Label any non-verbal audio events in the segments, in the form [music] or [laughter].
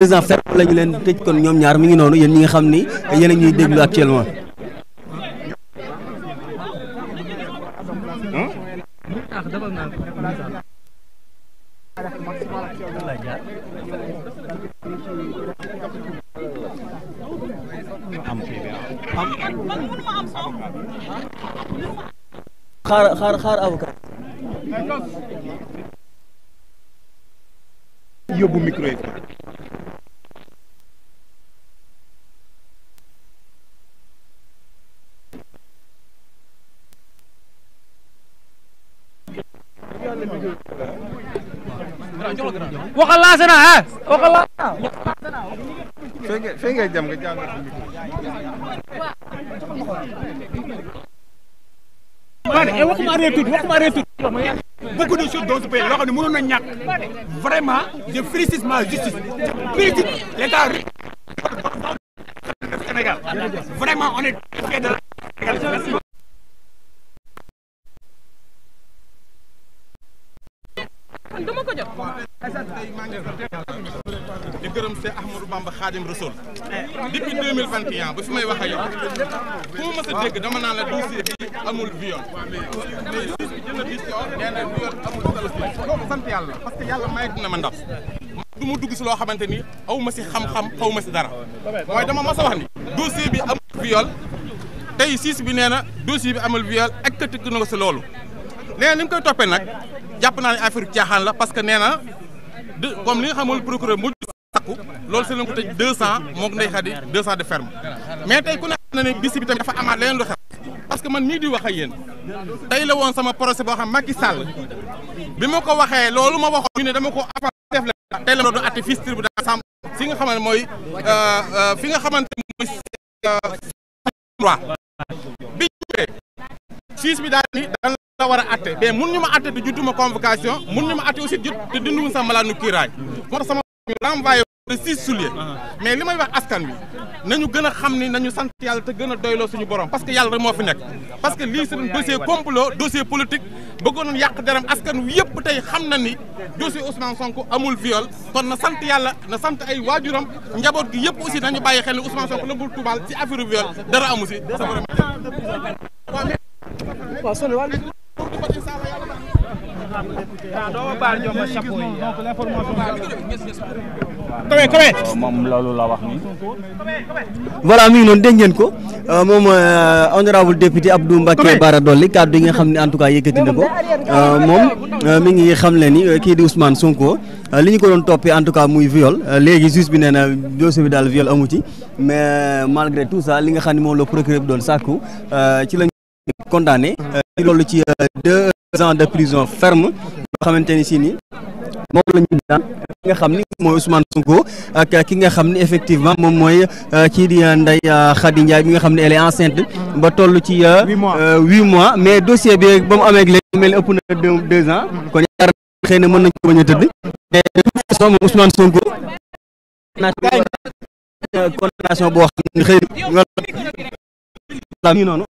président ferme ñaar mi ngi noonu yéen ñi nga xam ni yéen a ñuy déglu xaar xaar xaar avocat. waxal lancé naa ah waxal lancé naa. jam nga jàngat mane waxuma arrêté tuuti waxuma arrêté tuuti beaucoup de choses dans ce pays yoo xam na ñàkk vraiment ma justice je félicite l'état Sénégal on est fiers de la man dama ko jot. di gërëm see Ahmadou Bamba Khadim Rassoul depuis 2021 ba fi may wax ak yow ku ma mës a dégg dama naan la dossier bi amul viol na ma ndam du ma dugg si loo xamante ni aw ma si xam-xam ma si dara mooy a wax ni dossier bi tey siis bi nee na dossier bi amul viol ak tëtëgg na ko si loolu nee na li mu koy toppee nag jàpp naa ne affaire caaxaan la parce que nee na de comme li nga xamul procureur mujj sakku loolu si lañ ko tëj deux cent mook Ndeye Khady deux cent de ferme mais tey ku ne xam na ne bis bi tamit dafa amaat leneen que man mii di wax ak yéen tey la woon sama procès boo xam Macky Sall bi ma ko waxee loolu ma waxoon ñu ne dama ko afa def la tey la ma doon atti fils tribunal Samb fi nga xamante mooy euh, euh, fi nga xamante mooy euh, droit bi ñëwee fils daal war a atte mais mun ñu ma atte te jotuma convocation mun ñu ma atte aussi jot te dinduma sax malaanu kiiraay moo tax sama ñu renvoyé de six souliers uh-huh. mais li may wax askan wi nañu gën a xam ni nañu sant yàlla te gën a doyloo suñu borom parce que yàlla rek moo fi nekk parce que lii seen dossier complot dossier politique bëggoon nañu yàq deram askan wi yëpp tey xam na ni dossier Ousmane Sonko amul viol kon na sant yàlla na sant ay waajuram njaboot gi yëpp aussi nañu bàyyi xel ni Ousmane Sonko la bul tuumaal ci affaire viol dara amu si moom loolu la wax ni voilà mi ngi noonu dégg ngeen ko euh, moom euh, honorable député Abdou Mbacké Bara Dolly kàddu yi nga xam ne en tout cas yëkkati na ko euh, moom mi ngi xam le ni kii di Ousmane Sonko li ñu ko doon toppee en tout cas muy viol léegi juge bi nee na dossier bi daal viol amu ci mais malgré tout ça li nga xam ne moom la procureur bi doon sàkku ci lañ condamné ci euh, loolu ci euh, deux ans de prison ferme loo xamante ni si ni moom la ñu daan ki nga xam ni mooy Ousmane Sonko ak ki nga xam ni effectivement moom mooy euh, kii di Ndeye Khady Ndiaye bi nga xam ne elle est enceinte ba toll ci huit mois mais dossier bi ba mu amee ak léegi mel ëpp na deux ans kon yaakaar naa xëy na mën nañ ko a tëdd mais de toute façon moom Ousmane Sonko condamnation boo xam ne xëy noonu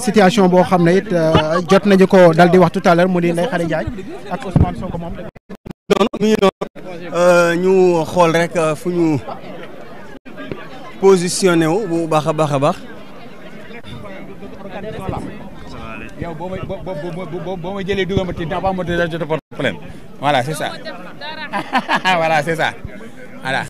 situation boo xam ne it euh, jot nañu ko dal di wax tout à l'heure mu di Ndeye Khady Ndiaye ak Ousmane noonu euh, ñu xool rek euh, fu ñu positionné wu bu baax a baax a baax yow boo jëlee dugal ma ti avant [laughs]